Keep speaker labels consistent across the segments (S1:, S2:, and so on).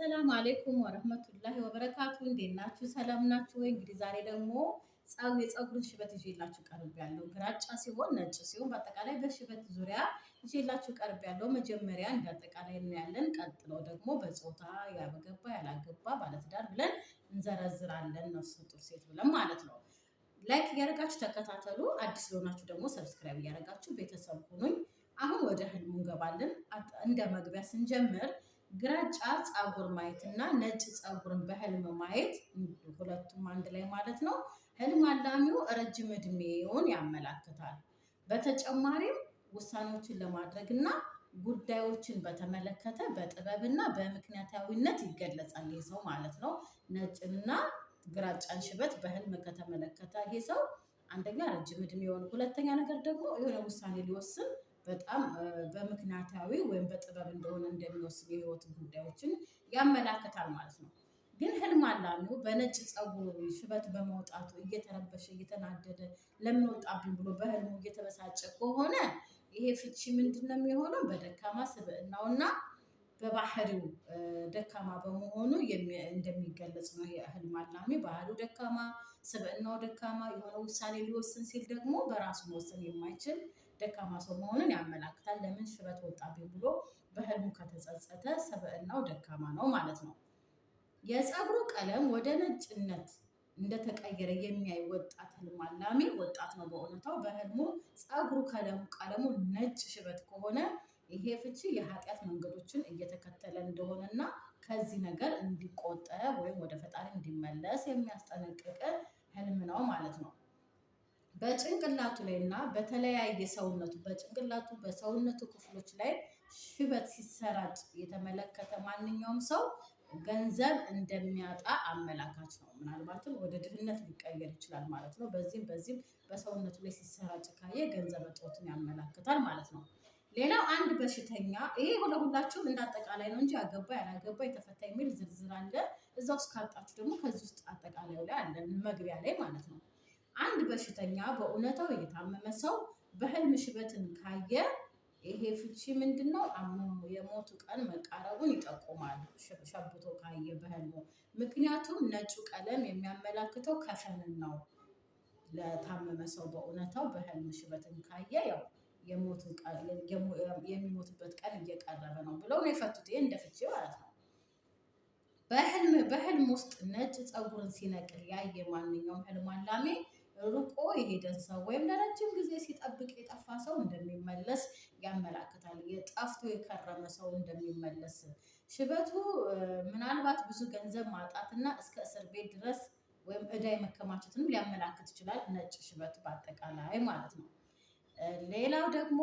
S1: ሰላም አሌይኩም ወረህመቱላሂ ወበረካቱ። እንዴት ናችሁ? ሰላም ናችሁ ወይ? እንግዲህ ዛሬ ደግሞ የፀጉርን ሽበት ይዤላችሁ ቀርብ ግራጫ ሲሆን ነጭ ሲሆን በአጠቃላይ በሽበት ዙሪያ ይዤላችሁ ቀርብ ያለው መጀመሪያ እንደ አጠቃላይ እናያለን። ቀጥሎ ደግሞ በፆታ ያገባ ያላገባ ባለትዳር ብለን እንዘረዝራለን። ነፍሰ ጡር ሴት ብለን ማለት ነው። ላይክ እያደረጋችሁ ተከታተሉ። አዲስ ለሆናችሁ ደግሞ ሰብስክራይብ እያደረጋችሁ ቤተሰብ ሁኑኝ። አሁን ወደ ህልሙ እንገባለን። እንደ መግቢያ ስንጀምር ግራጫ ፀጉር ማየት እና ነጭ ፀጉርን በህልም ማየት ሁለቱም አንድ ላይ ማለት ነው። ህልም አላሚው ረጅም እድሜውን ያመላክታል። በተጨማሪም ውሳኔዎችን ለማድረግ እና ጉዳዮችን በተመለከተ በጥበብና በምክንያታዊነት ይገለጻል ይህ ሰው ማለት ነው። ነጭና ግራጫን ሽበት በህልም ከተመለከተ ይሄ ሰው አንደኛ ረጅም እድሜ የሆነ ሁለተኛ ነገር ደግሞ የሆነ ውሳኔ ሊወስን በጣም በምክንያታዊ ወይም በጥበብ እንደሆነ እንደሚወስድ የህይወት ጉዳዮችን ያመላክታል ማለት ነው። ግን ህልም አላሚው በነጭ ፀጉሩ ሽበት በመውጣቱ እየተረበሸ እየተናደደ ለምን ወጣብኝ ብሎ በህልሙ እየተበሳጨ ከሆነ ይሄ ፍቺ ምንድን ነው የሚሆነው? በደካማ ስብዕናውና በባህሪው ደካማ በመሆኑ እንደሚገለጽ ነው። ህልም አላሚ ባህሪው ደካማ፣ ስብዕናው ደካማ የሆነ ውሳኔ ሊወስን ሲል ደግሞ በራሱ መወሰን የማይችል ደካማ ሰው መሆኑን ያመላክታል። ለምን ሽበት ወጣብኝ ብሎ በህልሙ ከተጸጸተ ሰብዕናው ደካማ ነው ማለት ነው። የፀጉሩ ቀለም ወደ ነጭነት እንደተቀየረ የሚያይ ወጣት ህልም አላሚ ወጣት ነው። በእውነታው በህልሙ ፀጉሩ ቀለሙ ነጭ ሽበት ከሆነ ይሄ ፍቺ የኃጢአት መንገዶችን እየተከተለ እንደሆነና ከዚህ ነገር እንዲቆጠብ ወይም ወደ ፈጣሪ እንዲመለስ የሚያስጠነቅቅ ህልም ነው ማለት ነው። በጭንቅላቱ ላይ እና በተለያየ ሰውነቱ በጭንቅላቱ በሰውነቱ ክፍሎች ላይ ሽበት ሲሰራጭ የተመለከተ ማንኛውም ሰው ገንዘብ እንደሚያጣ አመላካች ነው። ምናልባትም ወደ ድህነት ሊቀየር ይችላል ማለት ነው። በዚህም በዚህም በሰውነቱ ላይ ሲሰራጭ ካየ ገንዘብ እጦትን ያመላክታል ማለት ነው። ሌላው አንድ በሽተኛ ይሄ ሁለ ሁላችሁም እንዳጠቃላይ ነው እንጂ አገባ ያላገባ የተፈታ የሚል ዝርዝር አለ። እዛ ውስጥ ካጣችሁ ደግሞ ከዚህ ውስጥ አጠቃላዩ ላይ አለ መግቢያ ላይ ማለት ነው። አንድ በሽተኛ በእውነታው የታመመ ሰው በህልም ሽበትን ካየ ይሄ ፍቺ ምንድን ነው? አመሙ የሞቱ ቀን መቃረቡን ይጠቁማል። ሸብቶ ካየ በህልሙ ምክንያቱም ነጩ ቀለም የሚያመላክተው ከፈንን ነው። ለታመመ ሰው በእውነታው በህልም ሽበትን ካየ ያው የሚሞትበት ቀን እየቀረበ ነው ብለው ነው የፈቱት። ይህ እንደ ፍቺ ማለት ነው። በህልም ውስጥ ነጭ ፀጉርን ሲነቅል ያየ ማንኛውም ህልም አላሜ ርቆ የሄደን ሰው ወይም ለረጅም ጊዜ ሲጠብቅ የጠፋ ሰው እንደሚመለስ ያመላክታል። የጠፍቶ የከረመ ሰው እንደሚመለስ ሽበቱ ምናልባት ብዙ ገንዘብ ማጣትና እስከ እስር ቤት ድረስ ወይም ዕዳ የመከማቸትንም ሊያመላክት ይችላል። ነጭ ሽበት በአጠቃላይ ማለት ነው። ሌላው ደግሞ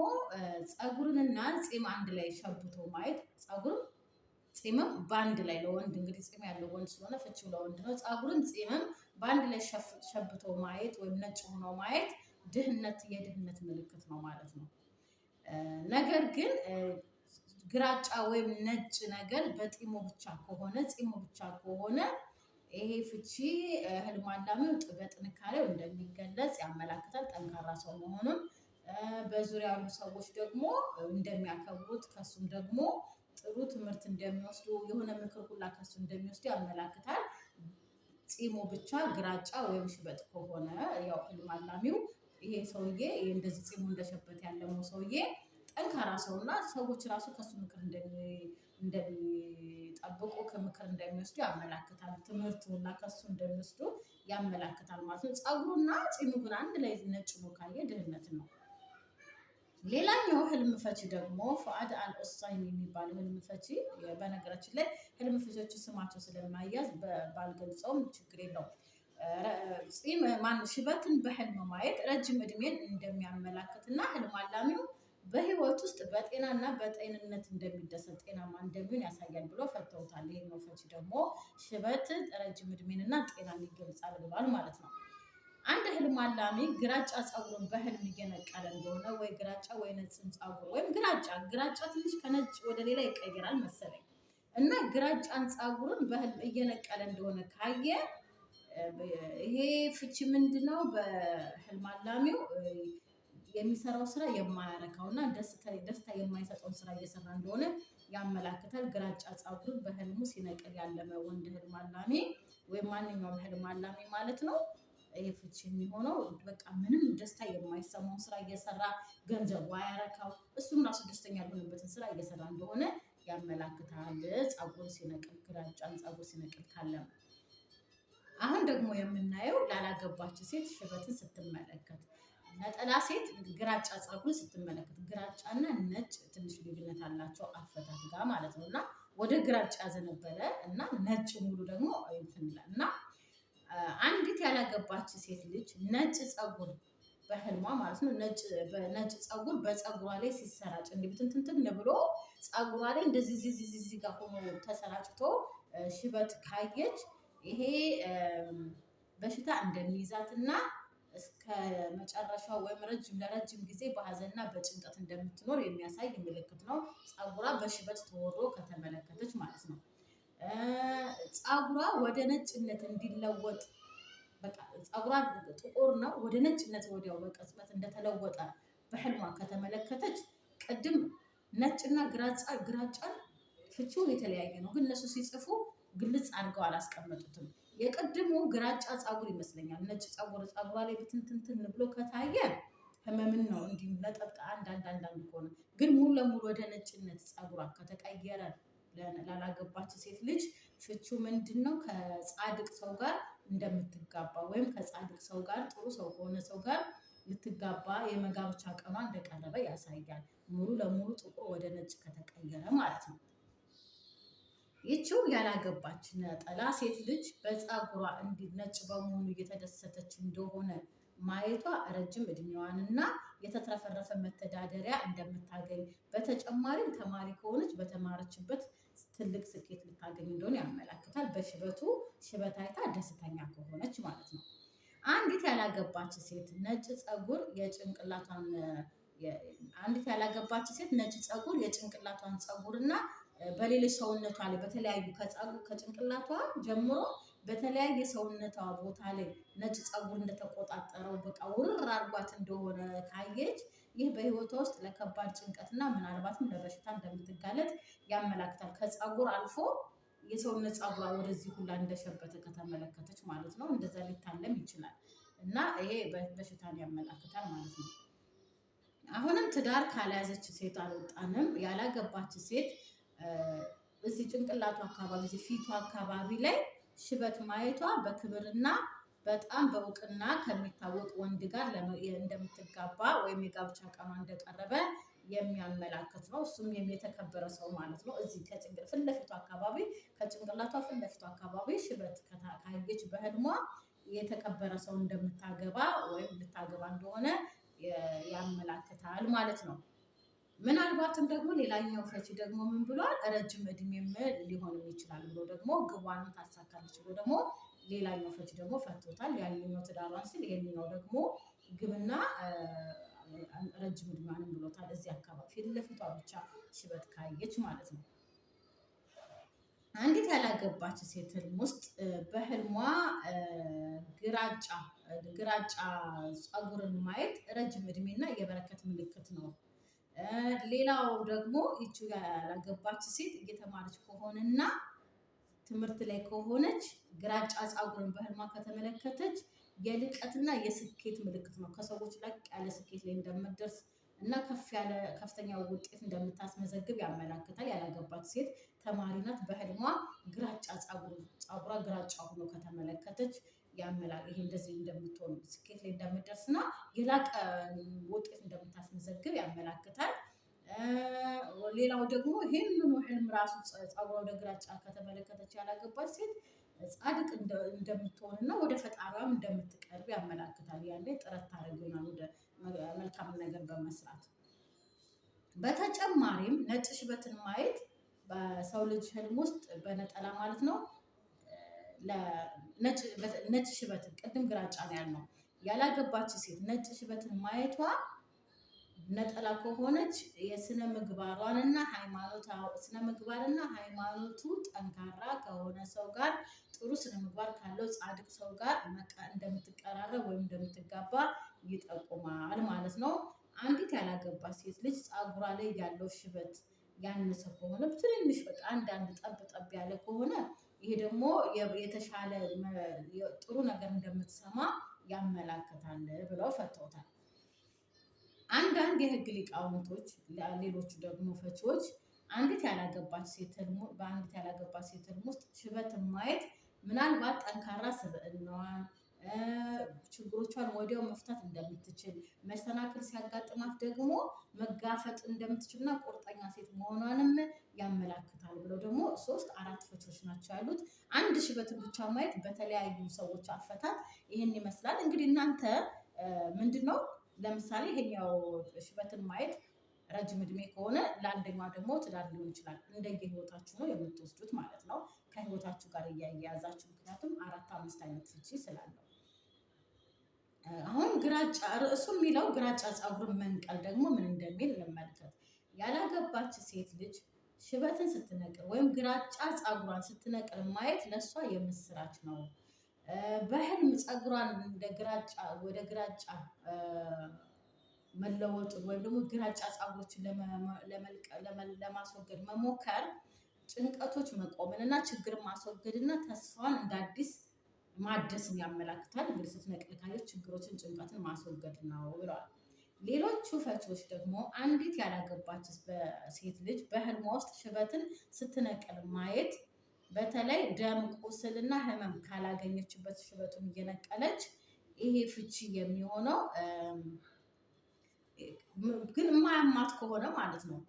S1: ፀጉርንና ፂም አንድ ላይ ሸብቶ ማየት ፀጉርም ፂምም በአንድ ላይ ለወንድ እንግዲህ ፂም ያለው ወንድ ስለሆነ ፍቺው ለወንድ ነው። ፀጉርም ፂምም በአንድ ላይ ሸብቶ ማየት ወይም ነጭ ሆኖ ማየት ድህነት የድህነት ምልክት ነው ማለት ነው። ነገር ግን ግራጫ ወይም ነጭ ነገር በጢሙ ብቻ ከሆነ ጢሞ ብቻ ከሆነ ይሄ ፍቺ ህልም አላሚው በጥንካሬው እንደሚገለጽ ያመላክታል። ጠንካራ ሰው መሆኑን በዙሪያ ያሉ ሰዎች ደግሞ እንደሚያከብሩት ከሱም ደግሞ ጥሩ ትምህርት እንደሚወስዱ የሆነ ምክር ሁላ ከሱ እንደሚወስዱ ያመላክታል። ፂሙ ብቻ ግራጫ ወይም ሽበት ከሆነ ያው ህልም አላሚው ይሄ ሰውዬ እንደዚህ ፂሙ እንደሸበት ያለመው ሰውዬ ጠንካራ ሰውና ሰዎች ራሱ ከሱ ምክር እንደሚጠብቁ ከምክር እንደሚወስዱ ያመላክታል። እና ከሱ እንደሚወስዱ ያመላክታል ማለት ነው። ፀጉሩና ፂሙ ግን አንድ ላይ ነጭ ነው ካየ ድህነት ነው። ሌላኛው ህልም ፈቺ ደግሞ ፈአድ አልኡሳይን የሚባል ህልም ፈቺ፣ በነገራችን ላይ ህልም ፈቺዎች ስማቸው ስለማያዝ ባልገልጸውም ችግር የለውም። ማን ሽበትን በህልም ማየት ረጅም እድሜን እንደሚያመላክትና ህልም አላሚው በህይወት ውስጥ በጤናና በጤንነት እንደሚደሰት ጤናማ እንደሚሆን ያሳያል ብሎ ፈተውታል። ይሄኛው ፈቺ ደግሞ ሽበት ረጅም እድሜንና ጤናን ይገልጻል ብሏል ማለት ነው። አንድ ህልም አላሚ ግራጫ ፀጉርን በህልም እየነቀለ እንደሆነ ወይ ግራጫ ወይ ነጭን ፀጉር ወይም ግራጫ ግራጫ ትንሽ ከነጭ ወደ ሌላ ይቀይራል መሰለኝ እና ግራጫን ፀጉርን በህልም እየነቀለ እንደሆነ ካየ ይሄ ፍቺ ምንድን ነው? በህልም አላሚው የሚሰራው ስራ የማያረካው እና ደስታ የማይሰጠውን ስራ እየሰራ እንደሆነ ያመላክታል። ግራጫ ፀጉሩን በህልሙ ሲነቅል ያለመ ወንድ ህልም አላሚ ወይም ማንኛውም ህልም አላሚ ማለት ነው። ፍቺ የሚሆነው በቃ ምንም ደስታ የማይሰማው ስራ እየሰራ ገንዘቡ አያረካው እሱም ራሱ ደስተኛ ያልሆነበትን ስራ እየሰራ እንደሆነ ያመላክታል። ፀጉር ሲነቅል ግራጫን ፀጉር ሲነቅል ካለም አሁን ደግሞ የምናየው ላላገባች ሴት ሽበትን ስትመለከት ነጠላ ሴት ግራጫ ፀጉር ስትመለከት ግራጫና ነጭ ትንሽ ልዩነት አላቸው አፈታት ጋር ማለት ነው እና ወደ ግራጫ ያዘነበለ እና ነጭ ሙሉ ደግሞ ይላል እና አንዲት ያላገባች ሴት ልጅ ነጭ ጸጉር በህልሟ ማለት ነው። ነጭ ጸጉር በጸጉሯ ላይ ሲሰራጭ እንዲህ ብትንትንትን ብሎ ጸጉሯ ላይ እንደዚህ ዚዚዚዚ ጋር ሆኖ ተሰራጭቶ ሽበት ካየች ይሄ በሽታ እንደሚይዛትና እስከ መጨረሻው ወይም ረጅም ለረጅም ጊዜ በሀዘንና በጭንቀት እንደምትኖር የሚያሳይ ምልክት ነው። ጸጉሯ በሽበት ተወሮ ከተመለከተች ማለት ነው። ፀጉሯ ወደ ነጭነት እንዲለወጥ በቃ ፀጉሯ ጥቁር ነው፣ ወደ ነጭነት ወዲያው በቅጽበት እንደተለወጠ በህልሟ ከተመለከተች ቅድም ነጭና ግራጫ ግራጫን ፍቺው የተለያየ ነው፣ ግን እነሱ ሲጽፉ ግልጽ አድርገው አላስቀመጡትም። የቅድሙ ግራጫ ፀጉር ይመስለኛል። ነጭ ፀጉር ፀጉሯ ላይ ብትንትንትን ብሎ ከታየ ህመምን ነው እንዲሁ ለጠብጣ አንድ አንድ ከሆነ ግን ሙሉ ለሙሉ ወደ ነጭነት ፀጉሯ ከተቀየረ ላላገባች ሴት ልጅ ፍቹ ምንድን ነው? ከጻድቅ ሰው ጋር እንደምትጋባ ወይም ከጻድቅ ሰው ጋር ጥሩ ሰው ከሆነ ሰው ጋር ልትጋባ የመጋብቻ ቀኗ እንደቀረበ ያሳያል። ሙሉ ለሙሉ ጥቁር ወደ ነጭ ከተቀየረ ማለት ነው። ይችው ያላገባች ነጠላ ሴት ልጅ በፀጉሯ እንዲህ ነጭ በመሆኑ እየተደሰተች እንደሆነ ማየቷ ረጅም እና የተትረፈረፈ መተዳደሪያ እንደምታገኝ በተጨማሪም ተማሪ ከሆነች በተማረችበት ትልቅ ስኬት ልታገኝ እንደሆነ ያመላክታል። በሽበቱ ሽበት አይታ ደስተኛ ከሆነች ማለት ነው። አንዲት ያላገባች ሴት ነጭ ጸጉር የጭንቅላቷን አንዲት ያላገባች ሴት ነጭ ፀጉር የጭንቅላቷን ጸጉር እና በሌሎች ሰውነቷ ላይ በተለያዩ ከጭንቅላቷ ጀምሮ በተለያየ ሰውነቷ ቦታ ላይ ነጭ ፀጉር እንደተቆጣጠረው በቃ ውርር አርጓት እንደሆነ ካየች ይህ በህይወቷ ውስጥ ለከባድ ጭንቀትና ምናልባትም ለበሽታ እንደምትጋለጥ ያመላክታል። ከፀጉር አልፎ የሰውነት ፀጉሯ ወደዚህ ሁላ እንደሸበተ ከተመለከተች ማለት ነው። እንደዛ ሊታለም ይችላል እና ይሄ በሽታን ያመላክታል ማለት ነው። አሁንም ትዳር ካልያዘች ሴት አልወጣንም። ያላገባች ሴት እዚህ ጭንቅላቱ አካባቢ፣ ፊቱ አካባቢ ላይ ሽበት ማየቷ በክብርና በጣም በእውቅና ከሚታወቅ ወንድ ጋር እንደምትጋባ ወይም የጋብቻ ቀኗ እንደቀረበ የሚያመላክት ነው። እሱም የተከበረ ሰው ማለት ነው። እዚህ ፊት ለፊቱ አካባቢ ከጭንቅላቷ ፊት ለፊቱ አካባቢ ሽበት ካየች በህልሟ የተከበረ ሰው እንደምታገባ ወይም ልታገባ እንደሆነ ያመላክታል ማለት ነው። ምናልባትም ደግሞ ሌላኛው ፈቺ ደግሞ ምን ብሏል? ረጅም እድሜም ሊሆንም ይችላል ብሎ ደግሞ ግቧንም ታሳካለች ብሎ ደግሞ ሌላኛው ፍች ደግሞ ፈቶታል። ያንኛው ትዳሯን ሲል ደግሞ ግብና ረጅም እድሜዋንም ብሎታል። እዚህ አካባቢ ፊት ለፊቷ ብቻ ሽበት ካየች ማለት ነው። አንዲት ያላገባች ሴት ህልም ውስጥ በህልሟ ግራጫ ግራጫ ጸጉርን ማየት ረጅም እድሜና የበረከት ምልክት ነው። ሌላው ደግሞ ይቺ ያላገባች ሴት እየተማረች ከሆነና ትምህርት ላይ ከሆነች ግራጫ ፀጉርን በህልማ ከተመለከተች የልቀትና የስኬት ምልክት ነው። ከሰዎች ላቅ ያለ ስኬት ላይ እንደምትደርስ እና ከፍ ያለ ከፍተኛ ውጤት እንደምታስመዘግብ ያመላክታል። ያላገባት ሴት ተማሪ ናት። በህልሟ ግራጫ ፀጉር ፀጉሯ ግራጫ ሆኖ ከተመለከተች ያመላክ ይሄ እንደዚህ እንደምትሆን ስኬት ላይ እና የላቀ ውጤት እንደምታስመዘግብ ያመላክታል። ሌላው ደግሞ ይህንኑ ህልም ራሱ ጸጉሯ ወደ ግራጫ ከተመለከተች ያላገባች ሴት ጻድቅ እንደምትሆንና ወደ ፈጣሪዋም እንደምትቀርብ ያመላክታል። ያለ ጥረት ታደርገናል ወደ መልካም ነገር በመስራት በተጨማሪም ነጭ ሽበትን ማየት በሰው ልጅ ህልም ውስጥ በነጠላ ማለት ነው። ነጭ ሽበትን ቅድም ግራጫ ነው ያልነው። ያላገባች ሴት ነጭ ሽበትን ማየቷ ነጠላ ከሆነች የስነ ምግባሯንና ሃይማኖት ስነ ምግባርና ሃይማኖቱ ጠንካራ ከሆነ ሰው ጋር ጥሩ ስነ ምግባር ካለው ጻድቅ ሰው ጋር እንደምትቀራረብ ወይም እንደምትጋባ ይጠቁማል ማለት ነው። አንዲት ያላገባ ሴት ልጅ ጸጉሯ ላይ ያለው ሽበት ያነሰ ከሆነ ትንንሽ በቃ አንዳንድ ጠብ ጠብ ያለ ከሆነ ይሄ ደግሞ የተሻለ ጥሩ ነገር እንደምትሰማ ያመላክታል ብለው ፈተውታል። አንዳንድ የህግ ሊቃውንቶች፣ ሌሎቹ ደግሞ ፈቺዎች አንዲት ያላገባች ሴት በአንዲት ያላገባች ሴት ህልም ውስጥ ሽበት ማየት ምናልባት ጠንካራ ስብዕናዋን ችግሮቿን ወዲያው መፍታት እንደምትችል መሰናክል ሲያጋጥማት ደግሞ መጋፈጥ እንደምትችልና ቁርጠኛ ሴት መሆኗንም ያመላክታል ብለው ደግሞ ሶስት አራት ፈቾች ናቸው ያሉት። አንድ ሽበትን ብቻ ማየት በተለያዩ ሰዎች አፈታት ይህን ይመስላል። እንግዲህ እናንተ ምንድን ነው ለምሳሌ ይሄኛው ሽበትን ማየት ረጅም እድሜ ከሆነ ለአንደኛው ደግሞ ትዳር ሊሆን ይችላል። እንደየ ህይወታችሁ ነው የምትወስዱት ማለት ነው። ከህይወታችሁ ጋር እያያያዛችሁ ምክንያቱም አራት አምስት አይነት ፍቺ ስላለው አሁን ግራጫ ርዕሱ የሚለው ግራጫ ፀጉርን መንቀል ደግሞ ምን እንደሚል እንመልከት። ያላገባች ሴት ልጅ ሽበትን ስትነቅል ወይም ግራጫ ፀጉሯን ስትነቅል ማየት ለእሷ የምስራች ነው። በህልም ፀጉሯን እንደ ግራጫ ወደ ግራጫ መለወጥ ወይም ደግሞ ግራጫ ፀጉሮችን ለማስወገድ መሞከር ጭንቀቶች መቆምን እና ችግር ማስወገድ እና ተስፋን እንደ አዲስ ማደስን ያመላክታል። እንግዲህ ስትነቅል ካየች ችግሮችን ጭንቀትን ማስወገድ ነው ብለዋል። ሌሎቹ ፈቺዎች ደግሞ አንዲት ያላገባች ሴት ልጅ በህልሟ ውስጥ ሽበትን ስትነቅል ማየት በተለይ ደም ቁስልና ህመም ካላገኘችበት ሽበቱን እየነቀለች ይሄ ፍቺ የሚሆነው ግን የማያማት ከሆነ ማለት ነው።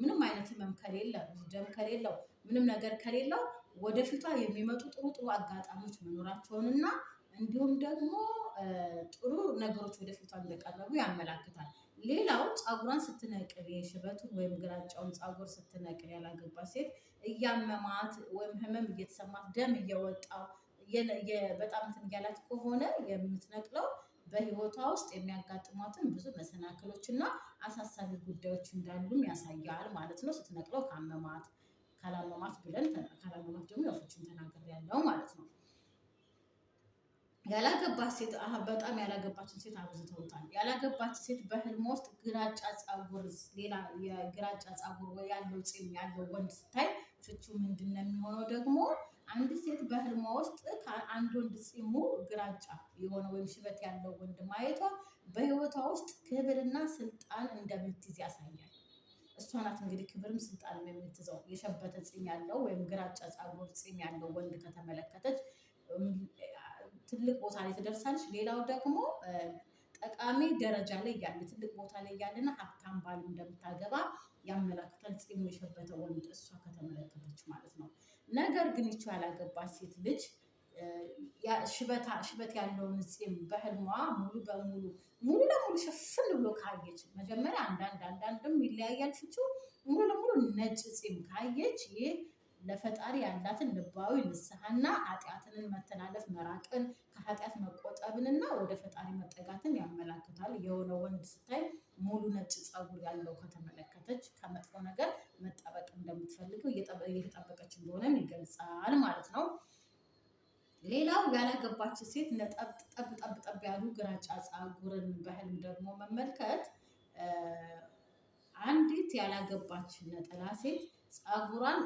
S1: ምንም አይነት ህመም ከሌለ ደም ከሌለው ምንም ነገር ከሌለው ወደፊቷ የሚመጡ ጥሩ ጥሩ አጋጣሚዎች መኖራቸውንና እንዲሁም ደግሞ ጥሩ ነገሮች ወደፊቷ እንደቀረቡ ያመላክታል። ሌላው ፀጉሯን ስትነቅል የሽበቱን ወይም ግራጫውን ፀጉር ስትነቅል ያላገባች ሴት እያመማት ወይም ህመም እየተሰማት ደም እየወጣው በጣም እንትን እያላት ከሆነ የምትነቅለው በህይወቷ ውስጥ የሚያጋጥሟትን ብዙ መሰናክሎች እና አሳሳቢ ጉዳዮች እንዳሉም ያሳያል ማለት ነው። ስትነቅለው ካመማት ካላመማት ብለን ካላመማት ደግሞ ተናገር ያለው ማለት ነው። ያላገባች ሴት በጣም ያላገባችን ሴት አብዝተውታል። ያላገባች ሴት በህልም ውስጥ ግራጫ ጸጉር፣ ሌላ የግራጫ ጸጉር ያለው ፂም ያለው ወንድ ስታይ ፍቹ ምንድን ነው የሚሆነው? ደግሞ አንድ ሴት በህልሟ ውስጥ አንድ ወንድ ፂሙ ግራጫ የሆነ ወይም ሽበት ያለው ወንድ ማየቷ በህይወቷ ውስጥ ክብርና ስልጣን እንደምትይዝ ያሳያል። እሷ ናት እንግዲህ ክብርም ስልጣን የምትይዘው የሸበተ ፂም ያለው ወይም ግራጫ ጸጉር ፂም ያለው ወንድ ከተመለከተች ትልቅ ቦታ ላይ ትደርሳለች። ሌላው ደግሞ ጠቃሚ ደረጃ ላይ ያለ ትልቅ ቦታ ላይ ያለና ሀብታም ባል እንደምታገባ ያመላክታል። ፂሙ የሸበተ ወንድ እሷ ከተመለከተች ማለት ነው። ነገር ግን ይቺ ያላገባች ሴት ልጅ ሽበት ያለውን ፂም በህልሟ ሙሉ በሙሉ ሙሉ ለሙሉ ሽፍን ብሎ ካየች መጀመሪያ አንዳንድ አንዳንድም ይለያያል ፍቺው ሙሉ ለሙሉ ነጭ ፂም ካየች ይህ ለፈጣሪ ያላትን ልባዊ ንስሐና ኃጢአትንን መተላለፍ መራቅን ከኃጢአት መቆጠብንና ወደ ፈጣሪ መጠጋትን ያመላክታል። የሆነ ወንድ ስታይ ሙሉ ነጭ ጸጉር ያለው ከተመለከተች ከመጥፎ ነገር መጠበቅ እንደምትፈልገው እየተጠበቀች እንደሆነም ይገልጻል ማለት ነው። ሌላው ያላገባች ሴት ጠብጠብጠብ ያሉ ግራጫ ጸጉርን በህልም ደግሞ መመልከት አንዲት ያላገባች ነጠላ ሴት ፀጉሯን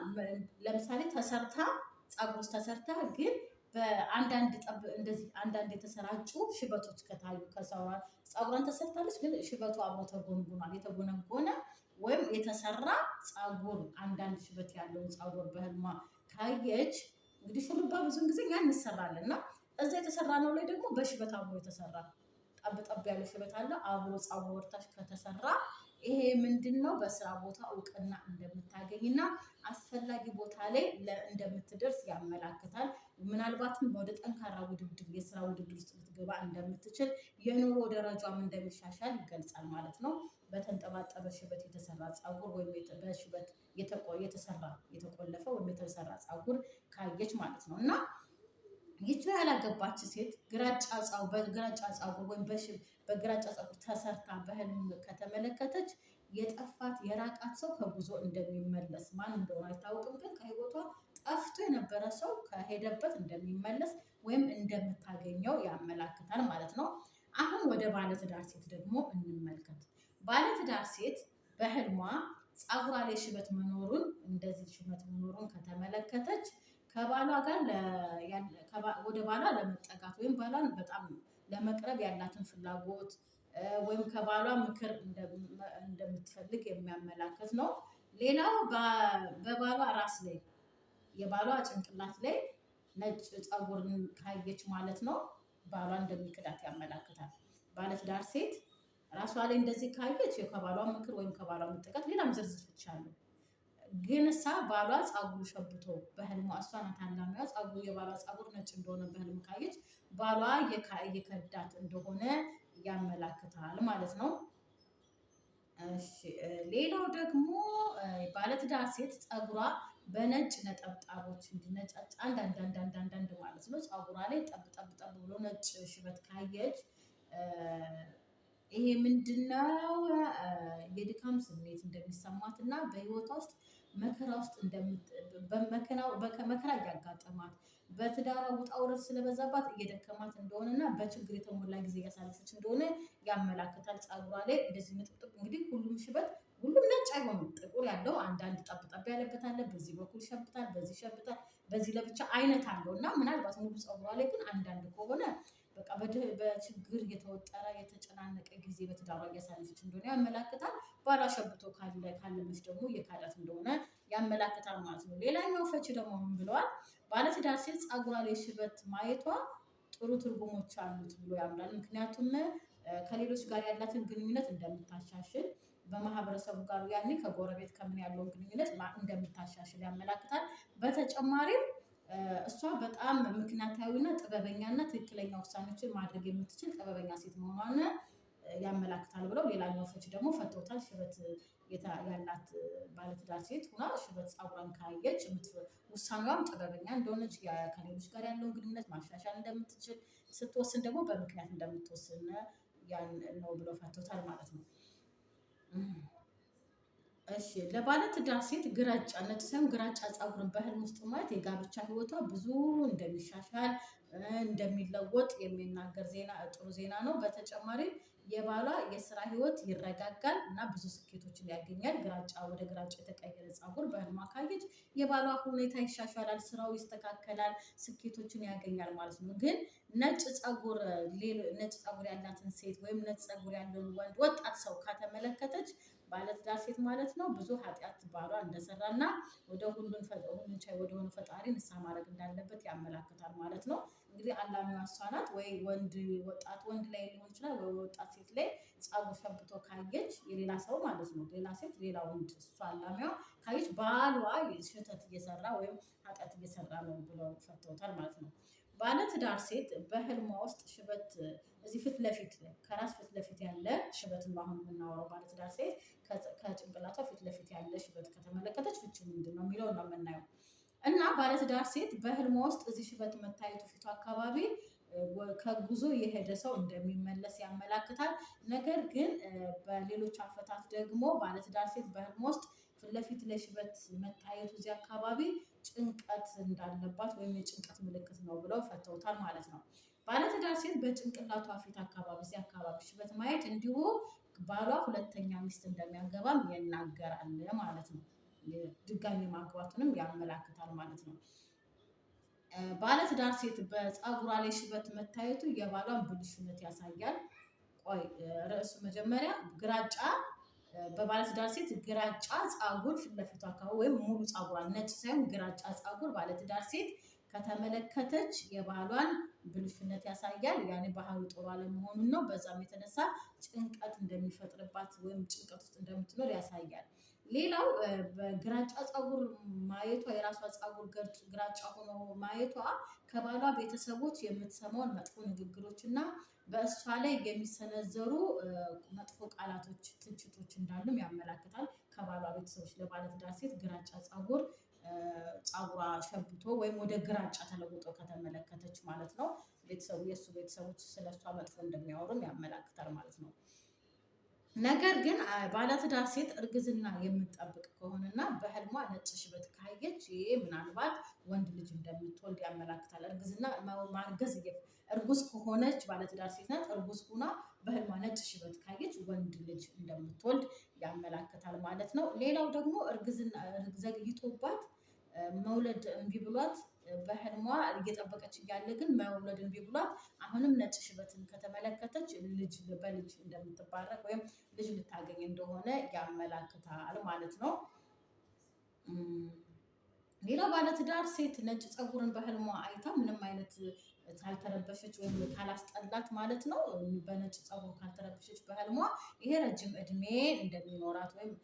S1: ለምሳሌ ተሰርታ ፀጉር ተሰርታ ግን በአንዳንድ ጠብ እንደዚህ አንዳንድ የተሰራጩ ሽበቶች ከታዩ ከሰራ ፀጉሯን ተሰርታለች፣ ግን ሽበቱ አብሮ ተጎንጉኗል። የተጎነጎነ ወይም የተሰራ ፀጉር አንዳንድ ሽበት ያለውን ፀጉር በህልማ ካየች እንግዲህ ሹርባ ብዙን ጊዜ ያ እንሰራለን እና እዛ የተሰራ ነው ላይ ደግሞ በሽበት አብሮ የተሰራ ጠብ ጠብ ያለ ሽበት አለ አብሮ ፀጉር ከተሰራ ይሄ ምንድን ነው? በስራ ቦታ እውቅና እንደምታገኝ አስፈላጊ ቦታ ላይ እንደምትደርስ ያመላክታል። ምናልባትም ወደ ጠንካራ ውድድር፣ የስራ ውድድር ውስጥ ልትገባ እንደምትችል፣ የኑሮ ደረጃም እንደሚሻሻል ይገልጻል ማለት ነው። በተንጠባጠበ ሽበት የተሰራ ፀጉር ወይም በሽበት የተሰራ የተቆለፈ ወይም የተሰራ ፀጉር ካየች ማለት ነው እና ይች ያላገባች ሴት ግራጫ ፀጉር በግራጫ ፀጉር ወይም በግራጫ ፀጉር ተሰርታ በህልም ከተመለከተች የጠፋት የራቃት ሰው ከጉዞ እንደሚመለስ ማን እንደሆነ አይታወቅም፣ ግን ከህይወቷ ጠፍቶ የነበረ ሰው ከሄደበት እንደሚመለስ ወይም እንደምታገኘው ያመላክታል ማለት ነው። አሁን ወደ ባለትዳር ሴት ደግሞ እንመልከት። ባለትዳር ሴት በህልሟ ፀጉሯ ላይ ሽበት መኖሩን እንደዚህ ሽበት መኖሩን ከተመለከተች ከባሏ ጋር ወደ ባሏ ለመጠጋት ወይም ባሏን በጣም ለመቅረብ ያላትን ፍላጎት ወይም ከባሏ ምክር እንደምትፈልግ የሚያመላክት ነው። ሌላው በባሏ ራስ ላይ የባሏ ጭንቅላት ላይ ነጭ ፀጉርን ካየች ማለት ነው ባሏ እንደሚክዳት ያመላክታል። ባለትዳር ሴት ራሷ ላይ እንደዚህ ካየች ከባሏ ምክር ወይም ከባሏ መጠጋት ሌላም ዝርዝር ፍቻ አለው። ግን እሳ ባሏ ፀጉሩ ሸብቶ በህልሟ እሷ ናት አላሚዋ ፀጉሩ የባሏ ፀጉር ነጭ እንደሆነ በህልም ካየች ባሏ እየከዳት እንደሆነ ያመላክታል ማለት ነው። ሌላው ደግሞ ባለትዳር ሴት ፀጉሯ በነጭ ነጠብጣቦች እንዲነጫ አንዳንድ አንዳንድ አንዳንድ ማለት ነው ፀጉሯ ላይ ጠብ ጠብ ጠብ ብሎ ነጭ ሽበት ካየች ይሄ ምንድነው? የድካም ስሜት እንደሚሰማት እና በህይወቷ ውስጥ መከራ ውስጥ መከራ እያጋጠማት በትዳራ ውጣ ውረድ ስለበዛባት እየደከማት እንደሆነና በችግር የተሞላ ጊዜ እያሳለፈች እንደሆነ ያመላክታል። ፀጉሯ ላይ እንደዚህ ምጥብጥብ እንግዲህ ሁሉም ሽበት ሁሉም ነጭ አይሆንም። ጥቁር ያለው አንዳንድ ጠብጠብ ያለበት አለ። በዚህ በኩል ሸብታል፣ በዚህ ሸብታል፣ በዚህ ለብቻ አይነት አለው እና ምናልባት ሙሉ ጸጉሯ ላይ ግን አንዳንድ ከሆነ በቃ በችግር የተወጠረ የተጨናነቀ ጊዜ በትዳሯ እያሳለፈች እንደሆነ ያመላክታል። ባሏ ሸብቶ ካለመች ደግሞ የካዳት እንደሆነ ያመላክታል ማለት ነው። ሌላኛው ፈቺ ደግሞ ምን ብለዋል? ባለትዳር ሴት ጸጉሯ ላይ ሽበት ማየቷ ጥሩ ትርጉሞች አሉት ብሎ ያምናል። ምክንያቱም ከሌሎች ጋር ያላትን ግንኙነት እንደምታሻሽል በማህበረሰቡ ጋር ያኔ ከጎረቤት ከምን ያለውን ግንኙነት እንደምታሻሽል ያመላክታል። በተጨማሪም እሷ በጣም ምክንያታዊና ጥበበኛና ትክክለኛ ውሳኔዎችን ማድረግ የምትችል ጥበበኛ ሴት መሆኗን ያመላክታል ብለው፣ ሌላኛው ፍች ደግሞ ፈቶታል ሽበት ያላት ባለትዳር ሴት ሆና ሽበት ፀጉሯን ካየች ውሳኔዋም ጥበበኛ እንደሆነች ከሌሎች ጋር ያለውን ግንኙነት ማሻሻል እንደምትችል ስትወስን ደግሞ በምክንያት እንደምትወስን ያን ነው ብለው ፈቶታል ማለት ነው። እሺ ለባለ ትዳር ሴት ግራጫ ነጭ ሳይሆን ግራጫ ፀጉርን በህልም ውስጥ ማየት የጋብቻ ህይወቷ ብዙ እንደሚሻሻል እንደሚለወጥ የሚናገር ዜና ጥሩ ዜና ነው። በተጨማሪ የባሏ የስራ ህይወት ይረጋጋል እና ብዙ ስኬቶችን ያገኛል። ግራጫ ወደ ግራጫ የተቀየረ ፀጉር በህልሟ ካየች የባሏ ሁኔታ ይሻሻላል፣ ስራው ይስተካከላል፣ ስኬቶችን ያገኛል ማለት ነው። ግን ነጭ ፀጉር ነጭ ፀጉር ያላትን ሴት ወይም ነጭ ፀጉር ያለውን ወንድ ወጣት ሰው ከተመለከተች ባለትዳር ሴት ማለት ነው ብዙ ኃጢአት ባሏ እንደሰራና ወደ ሁሉን ወደሆነ ፈጣሪ ንስሐ ማድረግ እንዳለበት ያመላክታል ማለት ነው። እንግዲህ አላሚዋ እሷ ናት። ወይ ወንድ ወጣት ወንድ ላይ ሊሆን ይችላል፣ ወይ ወጣት ሴት ላይ ጸጉር ሸብቶ ካየች የሌላ ሰው ማለት ነው ሌላ ሴት ሌላ ወንድ እሷ አላሚዋ ካየች ባሏ ስህተት እየሰራ ወይም ኃጢአት እየሰራ ነው ብለው ፈተውታል ማለት ነው። ባለትዳር ሴት በህልሟ ውስጥ ሽበት እዚህ ፊት ለፊት ከራስ ፊት ለፊት ያለ ሽበትን አሁን የምናወራው ባለትዳር ሴት ከጭንቅላቷ ፊት ለፊት ያለ ሽበት ከተመለከተች ፍቺ ምንድን ነው የሚለው ነው የምናየው። እና ባለትዳር ሴት በህልሞ ውስጥ እዚህ ሽበት መታየቱ ፊቱ አካባቢ ከጉዞ የሄደ ሰው እንደሚመለስ ያመላክታል። ነገር ግን በሌሎች አፈታት ደግሞ ባለትዳር ሴት በህልሞ ውስጥ ፊት ለፊት ለሽበት ሽበት መታየቱ እዚህ አካባቢ ጭንቀት እንዳለባት ወይም የጭንቀት ምልክት ነው ብለው ፈተውታል ማለት ነው። ባለትዳር ሴት በጭንቅላቷ ፊት አካባቢ እዚህ አካባቢ ሽበት ማየት እንዲሁ ባሏ ሁለተኛ ሚስት እንደሚያገባም ይናገራል ማለት ነው። ድጋሚ ማግባቱንም ያመላክታል ማለት ነው። ባለትዳር ሴት በፀጉሯ ላይ ሽበት መታየቱ የባሏን ብልሽነት ያሳያል። ቆይ ርዕሱ መጀመሪያ ግራጫ በባለትዳር ሴት ግራጫ ፀጉር ፊት አካባቢ ወይም ሙሉ ፀጉሯ ነጭ ሳይሆን ግራጫ ፀጉር ባለትዳር ሴት ከተመለከተች የባህሏን ብልሽነት ያሳያል። ያኔ ባህሉ ጥሩ አለመሆኑን ነው። በዛም የተነሳ ጭንቀት እንደሚፈጥርባት ወይም ጭንቀት ውስጥ እንደምትኖር ያሳያል። ሌላው በግራጫ ፀጉር ማየቷ የራሷ ፀጉር ግራጫ ሆኖ ማየቷ ከባሏ ቤተሰቦች የምትሰማውን መጥፎ ንግግሮች እና በእሷ ላይ የሚሰነዘሩ መጥፎ ቃላቶች፣ ትችቶች እንዳሉም ያመላክታል። ከባሏ ቤተሰቦች ለባለትዳር ሴት ግራጫ ፀጉር ፀጉሯ ሸብቶ ወይም ወደ ግራጫ ተለውጦ ከተመለከተች ማለት ነው ቤተሰቡ የእሱ ቤተሰቦች ስለሷ መጥፎ እንደሚያወሩም ያመላክታል ማለት ነው። ነገር ግን ባለትዳር ሴት እርግዝና የምትጠብቅ ከሆነና በህልሟ ነጭ ሽበት ካየች ይሄ ምናልባት ወንድ ልጅ እንደምትወልድ ያመላክታል። እርግዝና ማርገዝ እርጉዝ ከሆነች ባለትዳር ሴት ናት። እርጉዝ ሆና በህልሟ ነጭ ሽበት ካየች ወንድ ልጅ እንደምትወልድ ያመላክታል ማለት ነው። ሌላው ደግሞ እርግዝና ዘግይቶባት መውለድ እምቢ ብሏት በህልሟ እየጠበቀች እያለ ግን መውለድ እምቢ ብሏት አሁንም ነጭ ሽበትን ከተመለከተች ልጅ በልጅ እንደምትባረቅ ወይም ልጅ ልታገኝ እንደሆነ ያመላክታል ማለት ነው። ሌላ ባለትዳር ሴት ነጭ ፀጉርን በህልሟ አይታ ምንም አይነት ካልተረበሸች ወይም ካላስጠላት ማለት ነው። በነጭ ፀጉር ካልተረበሸች በህልሟ ይሄ ረጅም እድሜ እንደሚኖራት ወይም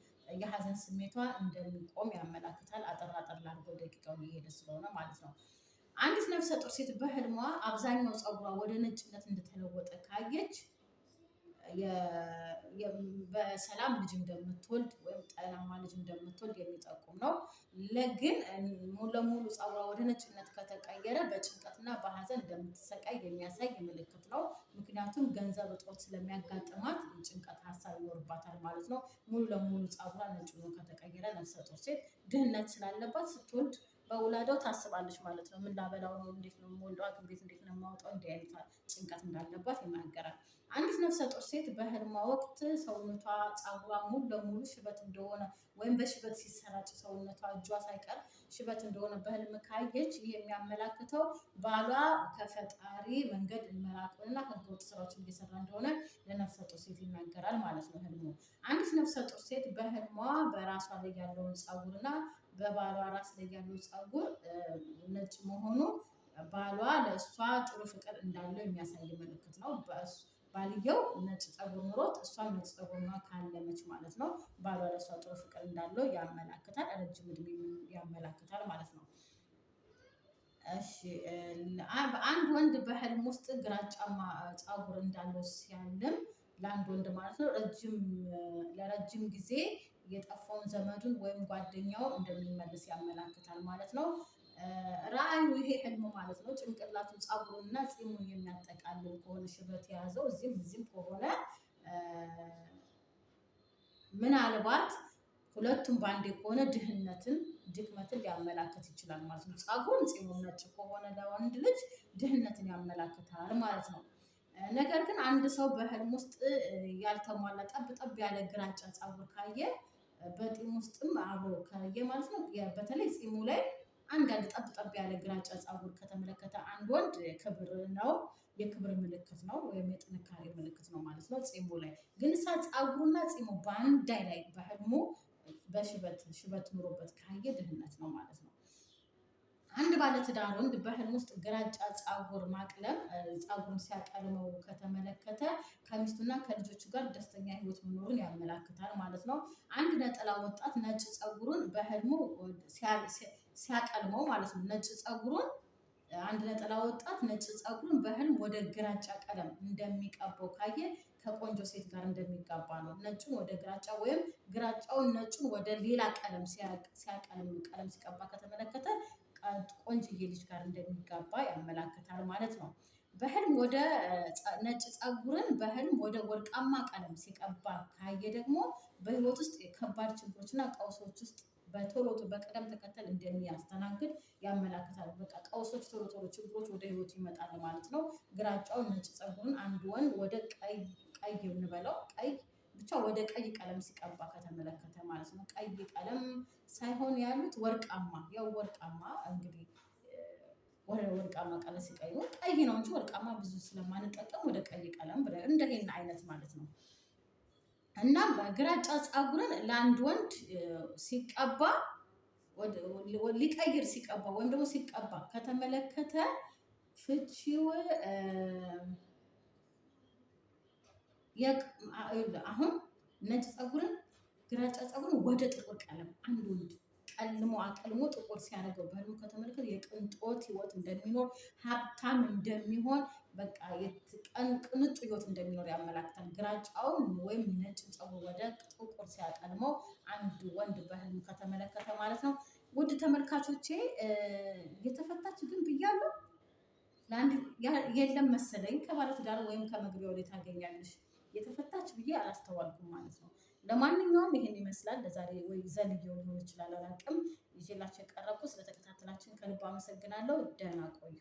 S1: የሀዘን ስሜቷ እንደሚቆም ያመላክታል። አጠር አጠር ላድርጎ ደቂቃውን እየሄደ ስለሆነ ማለት ነው። አንዲት ነፍሰ ጡር ሴት በህልሟ አብዛኛው ፀጉሯ ወደ ነጭነት እንደተለወጠ ካየች በሰላም ልጅ እንደምትወልድ ወይም ጤናማ ልጅ እንደምትወልድ የሚጠቁም ነው። ለግን ሙሉ ለሙሉ ጸጉሯ ወደ ነጭነት ከተቀየረ በጭንቀትና በሀዘን እንደምትሰቃይ የሚያሳይ ምልክት ነው። ምክንያቱም ገንዘብ እጦት ስለሚያጋጥማት የጭንቀት ሀሳብ ይኖርባታል ማለት ነው። ሙሉ ለሙሉ ጸጉሯ ነጭ ሆኖ ከተቀየረ ነፍሰ ጡር ሴት ድህነት ስላለባት ስትወልድ በውላዳው ታስባለች ማለት ነው። ምን ላበላው ነው? እንዴት ነው የምወልደው? እንዴት እንዴት ነው የማወጣው? እንዲህ አይነት ጭንቀት እንዳለባት ይናገራል። አንዲት ነፍሰ ጡር ሴት በህልሟ ወቅት ሰውነቷ ጸጉሯ ሙሉ ለሙሉ ሽበት እንደሆነ ወይም በሽበት ሲሰራጭ ሰውነቷ እጇ ሳይቀር ሽበት እንደሆነ በህልም ካየች ይህ የሚያመላክተው ባሏ ከፈጣሪ መንገድ መራቁንና ህገወጥ ስራዎች እየሰራ እንደሆነ ለነፍሰ ጡር ሴት ይናገራል ማለት ነው ህልሙ። አንዲት ነፍሰ ጡር ሴት በህልሟ በራሷ ላይ ያለውን ጸጉርና በባሏ ራስ ላይ ያለው ፀጉር ነጭ መሆኑ ባሏ ለእሷ ጥሩ ፍቅር እንዳለው የሚያሳይ ምልክት ነው። ባልየው ነጭ ፀጉር ኑሮት እሷ ነጭ ፀጉር ካለመች ማለት ነው ባሏ ለእሷ ጥሩ ፍቅር እንዳለው ያመላክታል። ረጅም እድሜ ያመላክታል ማለት ነው። አንድ ወንድ በህልም ውስጥ ግራጫማ ፀጉር እንዳለው ሲያልም ለአንድ ወንድ ማለት ነው ለረጅም ጊዜ የጠፋውን ዘመዱን ወይም ጓደኛው እንደሚመልስ ያመላክታል ማለት ነው። ራእዩ ይሄ ህልም ማለት ነው። ጭንቅላቱ ጸጉሩንና ፂሙን የሚያጠቃልል ከሆነ ሽበት የያዘው እዚህም እዚህም ከሆነ ምናልባት ሁለቱም በአንዴ ከሆነ ድህነትን፣ ድክመትን ሊያመላክት ይችላል ማለት ነው። ጸጉሩን ፂሙን ነጭ ከሆነ ለወንድ ልጅ ድህነትን ያመላክታል ማለት ነው። ነገር ግን አንድ ሰው በህልም ውስጥ ያልተሟላ ጠብ ጠብ ያለ ግራጫ ጸጉር ካየ በጢም ውስጥም አብሮ ከየ ማለት ነው። በተለይ ጺሙ ላይ አንዳንድ ጠብ ያለ ግራጫ ፀጉር ከተመለከተ አንድ ወንድ ክብር ነው፣ የክብር ምልክት ነው ወይም የጥንካሬ ምልክት ነው ማለት ነው። ጺሙ ላይ ግን ሳ ፀጉሩና ጺሙ በአንድ ላይ በህልሙ በሽበት ሽበት ኑሮበት ካየ ድህነት ነው ማለት ነው። አንድ ባለትዳር ወንድ በህልም ውስጥ ግራጫ ፀጉር ማቅለም ጸጉሩን ሲያቀልመው ከተመለከተ ከሚስቱና ከልጆቹ ጋር ደስተኛ ህይወት መኖሩን ያመላክታል ማለት ነው። አንድ ነጠላ ወጣት ነጭ ፀጉሩን በህልሙ ሲያቀልመው ማለት ነው። ነጭ ጸጉሩን አንድ ነጠላ ወጣት ነጭ ፀጉሩን በህልም ወደ ግራጫ ቀለም እንደሚቀባው ካየ ከቆንጆ ሴት ጋር እንደሚጋባ ነው። ነጩን ወደ ግራጫ ወይም ግራጫውን ነጩን ወደ ሌላ ቀለም ሲያቀልም ቀለም ሲቀባ ከተመለከተ ቆንጅዬ ልጅ ጋር እንደሚጋባ ያመላክታል ማለት ነው። በህልም ወደ ነጭ ፀጉርን በህልም ወደ ወርቃማ ቀለም ሲቀባ ካየ ደግሞ በህይወት ውስጥ የከባድ ችግሮችና ቀውሶች ውስጥ በቶሎ በቅደም ተከተል እንደሚያስተናግድ ያመላክታል። በቃ ቀውሶች ቶሎ ቶሎ ችግሮች ወደ ህይወቱ ይመጣል ማለት ነው። ግራጫውን ነጭ ፀጉርን አንድ ወንድ ወደ ቀይ ቀይ የምንበለው ቀይ ብቻ ወደ ቀይ ቀለም ሲቀባ ከተመለከተ ማለት ነው። ቀይ ቀለም ሳይሆን ያሉት ወርቃማ ያው ወርቃማ እንግዲህ ወደ ወርቃማ ቀለም ሲቀይሩ ቀይ ነው እንጂ ወርቃማ ብዙ ስለማንጠቀም ወደ ቀይ ቀለም ብለን እንደሄን አይነት ማለት ነው። እና በግራጫ ፀጉርን ለአንድ ወንድ ሲቀባ ሊቀይር ሲቀባ ወይም ደግሞ ሲቀባ ከተመለከተ ፍቺው አሁን ነጭ ፀጉርን ግራጫ ፀጉርን ወደ ጥቁር ቀለም አንድ ወንድ ቀልሞ አቀልሞ ጥቁር ሲያደርገው በህልሙ ከተመለከተ የቅንጦት ህይወት እንደሚኖር ሀብታም እንደሚሆን በቃ ቅንጡ ህይወት እንደሚኖር ያመላክታል። ግራጫውን ወይም ነጭ ፀጉር ወደ ጥቁር ሲያቀልመው አንድ ወንድ በህልሙ ከተመለከተ ማለት ነው። ውድ ተመልካቾቼ የተፈታች ግን ብያለሁ። ለአንድ የለም መሰለኝ ከባለትዳር ወይም ከመግቢያ ላይ ታገኛለሽ። የተፈታች ብዬ አላስተዋልኩም ማለት ነው። ለማንኛውም ይሄን ይመስላል ለዛሬ ወይ ዘን ሊሆን ይችላል አላውቅም። ይዤላችሁ የቀረብኩ ስለተከታተላችን ከልብ አመሰግናለሁ። ደህና ቆዩ።